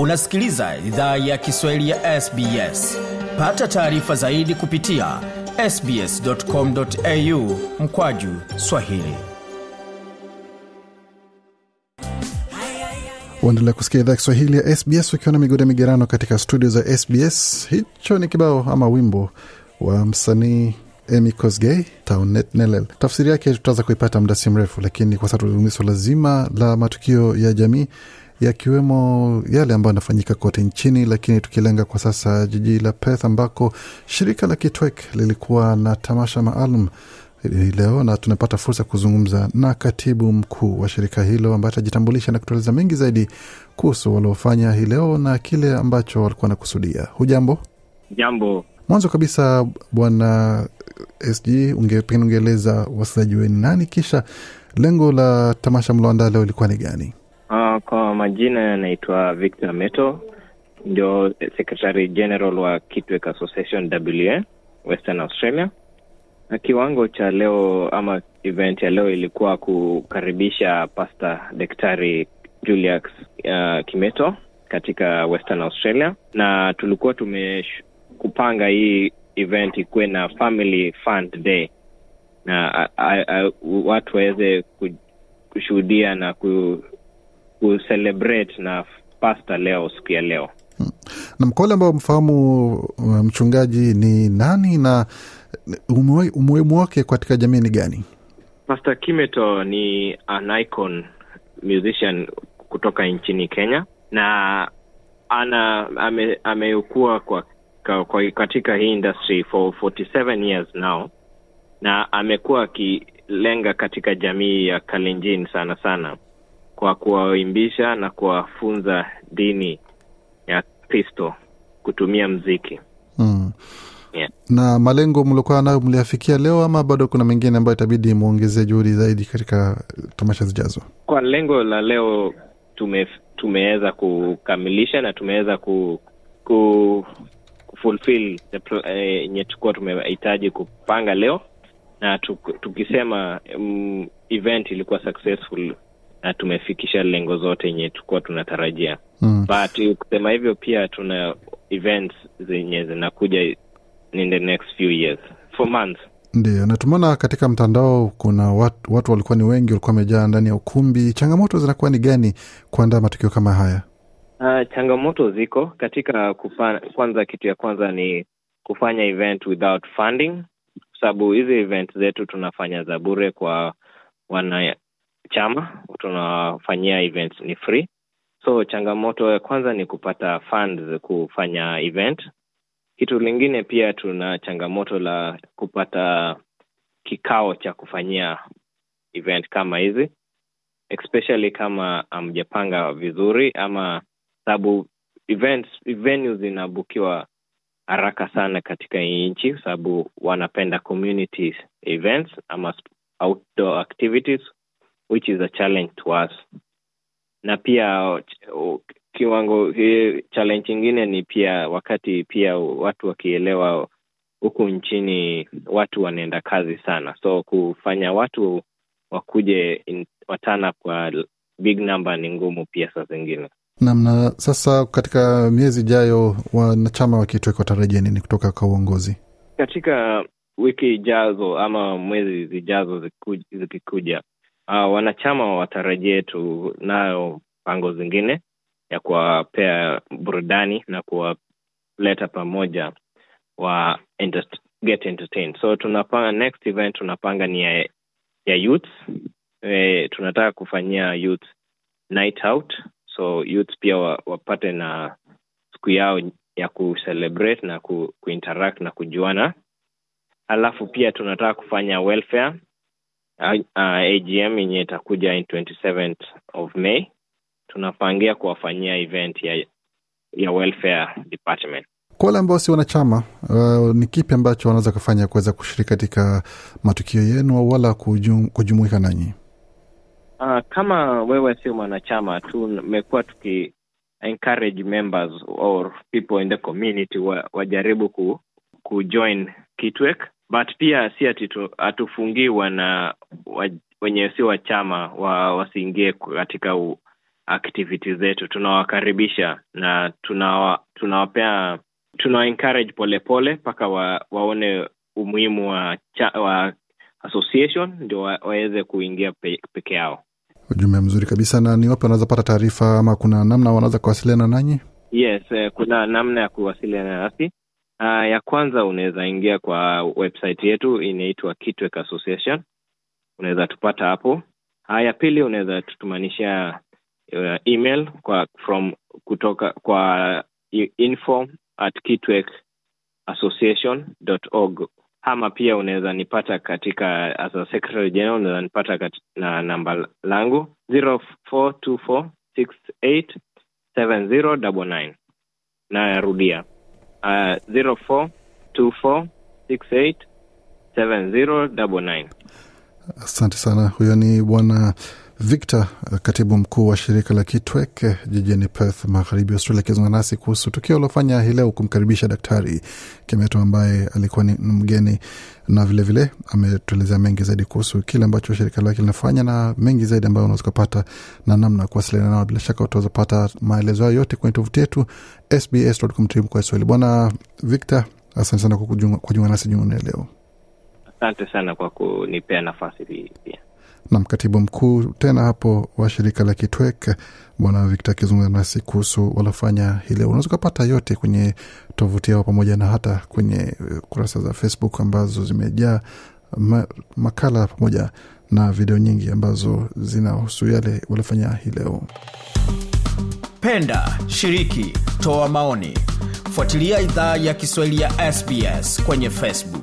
unasikiliza idhaa ya kiswahili ya sbs pata taarifa zaidi kupitia sbscomau mkwaju swahili uendelea kusikia idhaa Kiswahili ya SBS ukiwa na migode migerano katika studio za SBS. Hicho ni kibao ama wimbo wa msanii Amy Kosgei Tafsiri yake tutaweza kuipata muda si mrefu, lakini kwa sasa tuzungumzia swala zima la matukio ya jamii yakiwemo yale ambayo yanafanyika kote nchini, lakini tukilenga kwa sasa jiji la Perth ambako shirika la Kitwek lilikuwa na tamasha maalum hii leo na tunapata fursa ya kuzungumza na katibu mkuu wa shirika hilo ambaye atajitambulisha na kutueleza mengi zaidi kuhusu waliofanya hii leo na kile ambacho walikuwa nakusudia. Hujambo? Jambo. Mwanzo kabisa, Bwana SG, pengine ungeeleza wasikilizaji wenu nani, kisha lengo la tamasha mloandaa leo ilikuwa ni gani? majina yanaitwa Victor Meto, ndio Secretary General wa Kitwek Association WA Western Australia. Na kiwango cha leo ama event ya leo ilikuwa kukaribisha Pasta Daktari Julius uh, Kimeto katika Western Australia, na tulikuwa tumekupanga hii event ikuwe na family fund day na I, I, watu waweze kushuhudia na kucelebrate na pasta leo siku ya leo hmm. na kwa wale ambao mfahamu uh, mchungaji ni nani na umuhimu wake katika jamii ni gani? Pastor Kimeto ni an icon musician kutoka nchini Kenya na ana ame, kwa katika hii industry for 47 years now na amekuwa akilenga katika jamii ya Kalenjin sana sana kwa kuwaimbisha na kuwafunza dini ya Kristo kutumia mziki mm. yeah. Na malengo mliokuwa nayo mliafikia leo ama bado kuna mengine ambayo itabidi mwongezee juhudi zaidi katika tamasha zijazo? Kwa lengo la leo tume, tumeweza kukamilisha na tumeweza ku, ku fulfill eh, yenye tukuwa tumehitaji kupanga leo na tuk, tukisema um, event ilikuwa successful na tumefikisha lengo zote yenye tukuwa tunatarajia mm. But kusema hivyo pia tuna events zenye zinakuja in the next few years for months. Ndio, na tumeona katika mtandao kuna watu, watu walikuwa ni wengi, walikuwa wamejaa ndani ya ukumbi. Changamoto zinakuwa ni gani kuandaa matukio kama haya? Uh, changamoto ziko katika kwanza kitu ya kwanza ni kufanya event without funding, kwa sababu hizi event zetu tunafanya za bure kwa wana, chama tunafanyia events ni free. So changamoto ya kwanza ni kupata funds kufanya event. Kitu lingine pia tuna changamoto la kupata kikao cha kufanyia event kama hizi, especially kama amjapanga vizuri ama sababu events venues zinabukiwa haraka sana katika hii nchi, sababu wanapenda community events ama outdoor activities which is a challenge to us na pia kiwango challenge ingine ni pia wakati pia watu wakielewa huku nchini watu wanaenda kazi sana so kufanya watu wakuje watana kwa big number ni ngumu pia saa zingine namna sasa katika miezi ijayo wanachama wa kitwe watarajia nini kutoka kwa uongozi katika wiki ijazo ama mwezi zijazo zikikuja uh, wanachama watarajie tunayo pango zingine ya kuwapea burudani na kuwaleta pamoja wa enter- get entertained. So tunapanga next event tunapanga ni ya, ya youth e, tunataka kufanyia youth night out, so youth pia wa, wapate na siku yao ya kucelebrate na ku, kuinteract na kujuana. Alafu pia tunataka kufanya welfare uh, AGM yenye itakuja in 27th of May, tunapangia kuwafanyia event ya, ya welfare department. Kwa wale ambao si wanachama uh, ni kipi ambacho wanaweza kufanya kuweza kushiriki katika matukio yenu au wala kujum, kujumuika nanyi? Uh, kama wewe sio mwanachama, tumekuwa tuki encourage members or people in the community wa, wajaribu ku, kujoin Kitwek but pia si ati hatufungiwa na wenye si wa chama wa, wasiingie katika u, activity zetu tunawakaribisha na tunawa, tunawapea tunawa encourage polepole mpaka wa, waone umuhimu wa, cha, wa association ndio wa, waweze kuingia pe, peke yao ujumbe mzuri kabisa na ni wapi wanaweza pata taarifa ama kuna namna wanaweza kuwasiliana nanyi yes eh, kuna namna ya kuwasiliana nasi Uh, ya kwanza unaweza ingia kwa website yetu inaitwa Kitwek Association, unaweza tupata hapo. Uh, ya pili unaweza tutumanisha uh, email kwa from kutoka kwa info at Kitwek Association dot org, ama pia unaweza nipata katika as a secretary general, unaweza nipata katika, na namba langu zero four two four six eight uh, 0424687099. Asante sana. Huyo ni bwana Victor, katibu mkuu wa shirika la Kitwek eh, jijini Perth, magharibi Australia, akizungumza nasi kuhusu tukio aliofanya hii leo kumkaribisha Daktari Kimeto ambaye alikuwa ni mgeni, na vilevile ametuelezea mengi zaidi kuhusu kile ambacho shirika lake linafanya na mengi zaidi ambayo unaweza ukapata na namna kuwasiliana nao. Bila shaka utaweza maelezo hayo yote kwenye tovuti yetu sbs.com.au Swahili. Bwana Victor, asante sana kwa kujiunga nasi jioni leo. Asante sana kwa kunipea nafasi hii pia. Nam katibu mkuu tena hapo wa shirika la Kitwek bwana Victor akizungumza nasi kuhusu walofanya hile Unaweza ukapata yote kwenye tovuti yao pamoja na hata kwenye eh, kurasa za Facebook ambazo zimejaa ma, makala pamoja na video nyingi ambazo zinahusu yale waliofanya hileo Penda, shiriki, toa maoni, fuatilia idhaa ya Kiswahili ya SBS kwenye Facebook.